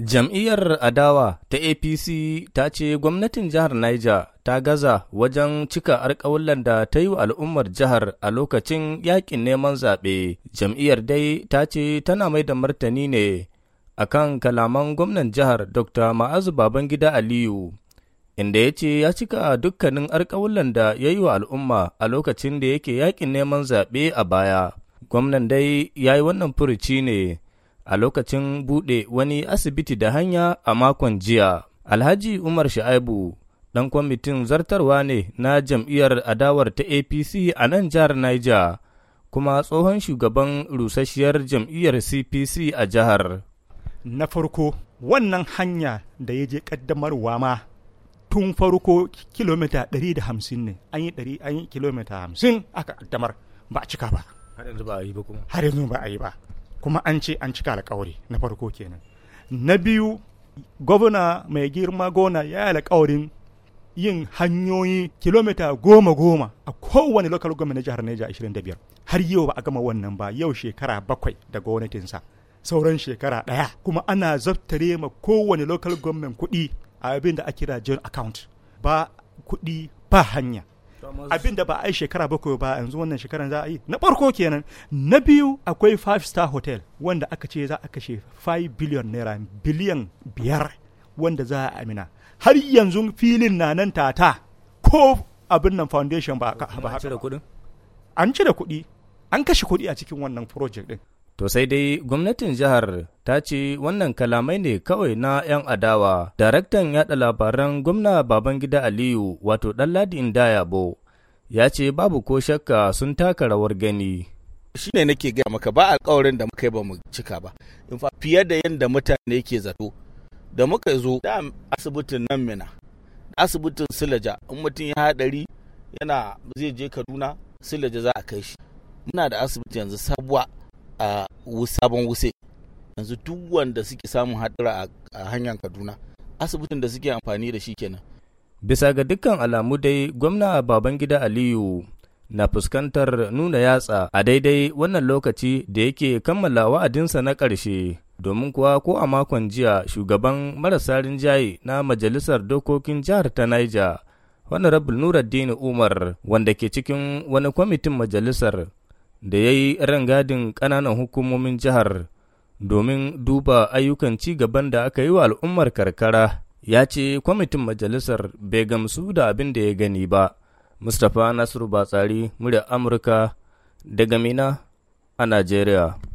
Jam'iyyar adawa ta APC ta ce gwamnatin jihar Niger ta gaza wajen cika alkawallan da ta yi wa al'ummar jihar a lokacin yaƙin neman zaɓe. Jam'iyyar dai ta ce tana mai da martani ne a kan kalaman gwamnan jihar Dr. Ma'azu Babangida Aliyu, inda ya ce ya cika dukkanin alkawallan da ya yi wa al'umma a lokacin da yake yakin neman zaɓe a baya. Gwamnan dai ya yi wannan furuci ne. a lokacin buɗe wani asibiti da hanya a makon jiya. Alhaji Umar Sha'aibu ɗan kwamitin zartarwa ne na jam'iyyar adawar ta APC a nan jihar Niger, kuma tsohon shugaban rusasshiyar jam'iyyar CPC a jihar. Na farko, wannan hanya da ya je ƙaddamarwa ma tun farko kilomita 150 ne, an yi kilomita 50 aka ƙaddamar ba a cika ba. Har yanzu ba a yi ba kuma. Har yanzu ba a yi ba. kuma an ce an cika alkawari na farko kenan na biyu gwamna mai girma gona ya yi alkawarin yin hanyoyi kilomita goma goma a kowane lokal government na jihar Neja 25 har yau ba a gama wannan ba yau shekara bakwai da gwamnatinsa sauran shekara ɗaya kuma ana zaftare ma kowane lokal government kuɗi a abin da ake kira joint account ba kuɗi ba hanya abin da ba a yi shekara bakwai ba yanzu wannan shekaran za a yi na farko kenan na biyu akwai five star hotel wanda aka ce za a kashe 5 billion naira biliyan biyar wanda za a amina har yanzu filin na nan tata ko abin nan foundation ba haka an da kuɗi an kashe kuɗi a cikin wannan project din To sai dai gwamnatin jihar ta ce wannan kalamai ne kawai na 'yan adawa. Daraktan yaɗa labaran gwamna Babangida Aliyu wato Ɗanladi Indayabo ya ce babu ko shakka sun taka rawar gani. Shi ne nake gaya maka ba alkawarin da muka yi ba mu cika ba. In fa fiye da yadda mutane ke zato. Da muka zo da asibitin nan mina, asibitin Silaja, in mutum ya haɗari yana zai je Kaduna, Silaja za a kai shi. Muna da asibiti yanzu sabuwa a sabon wuse yanzu duk wanda suke samun hadura a hanyar kaduna asibitin da suke amfani da shi kenan bisa ga dukkan alamu dai gwamna babangida aliyu na fuskantar nuna yatsa a daidai wannan lokaci da yake kammala wa'adinsa na ƙarshe domin kuwa ko a makon jiya shugaban marasa rinjaye na majalisar dokokin jihar ta niger rabin nuraddini umar wanda ke cikin wani kwamitin majalisar da ya yi rangadin ƙananan hukumomin jihar domin duba ayyukan ci gaban da aka yi wa al'ummar karkara ya ce kwamitin majalisar bai gamsu da abin da ya gani ba. Mustapha Nasiru Batsari, murya Amurka daga Mina a Najeriya.